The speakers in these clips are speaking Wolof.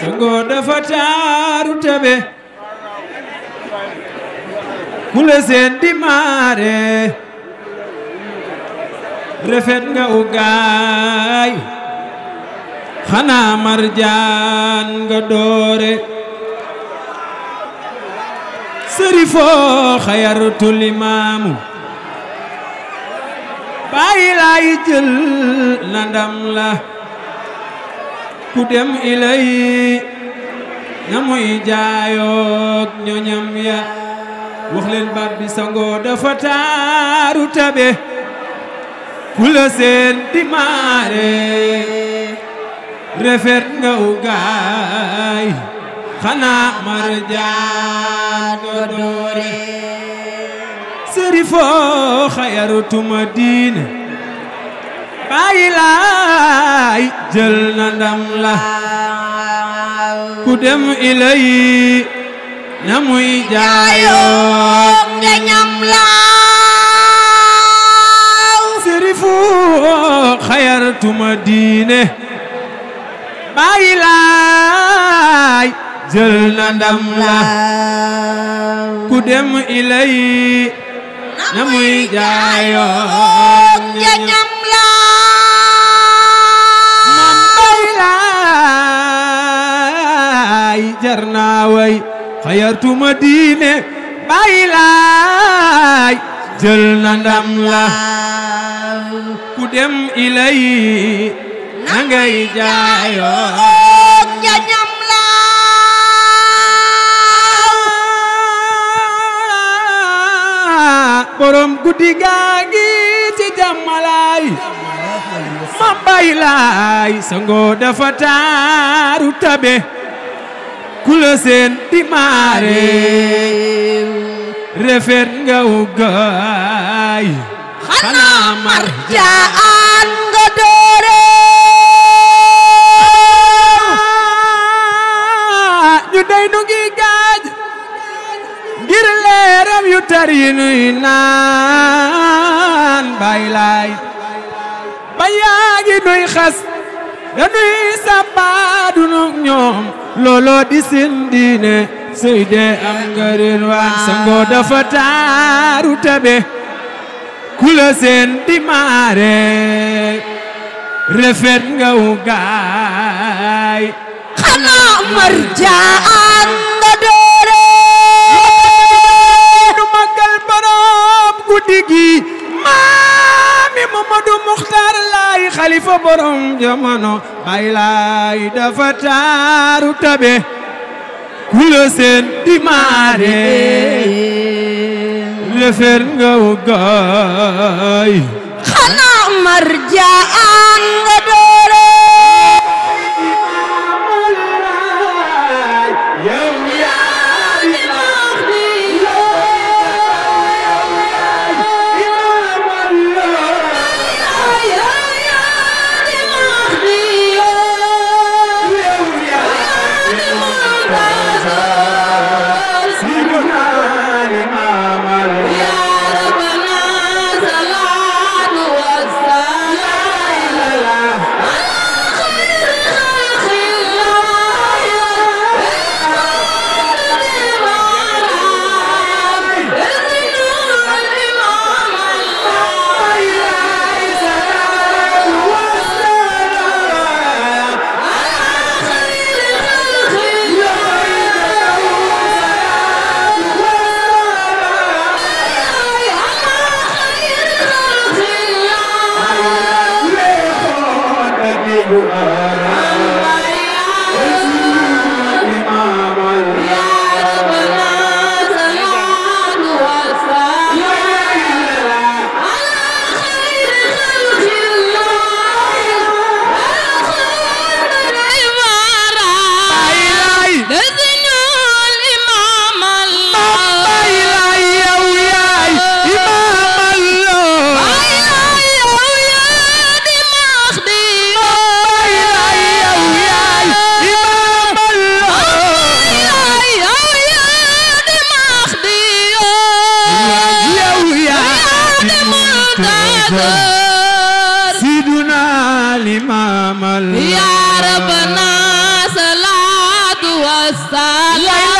sangoo dafa taaru tabe ku la seen di nga u xanaa marjaan nga doore sërifoo xayartu limaamu bàyyi laay jël na ndam la ku dem ilay na muy jaayoog ñoñam ya wax baat bi sangoo dafa taaru tabe ku la seen di refet nga u xanaa marjaan wa doore sërifoo xayarutuma diine bàyyi laay jël na ndam la ku dem ilay na muy jaayoo nga ñam la sërifoo xayarutuma diine bàyyi laay jël na ndam la ku dem ilay na muy jaayoon ja ñam la moom bay laay jar naa way xayartuma diine bay laay jël na ndam la ku dem ilay na ngay jaayoon ja ñam borom guddi gaa ngi ci jàmmalaay ma sangoo dafa taaru tabe kula seen di refet nga wu xanaa mar jaan nga doore ñu day nu ngi gaaj leeram yu tar yi nuy naan bay laay ba yaa ngi nuy xas danuy sàbbaa dunu ñoom looloo di seen diine sey de am nga reen waan sangoo dafa taaru tabe kula seen di maare rafet nga wu gaay xanaa marjaan nga borom guddi gi maami Mamadu Muxtaar laay xalifa borom jamono bay laay dafa taaru tabe ku seen di maare lefer nga wu يا ربنا صلاة والسلام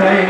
Thank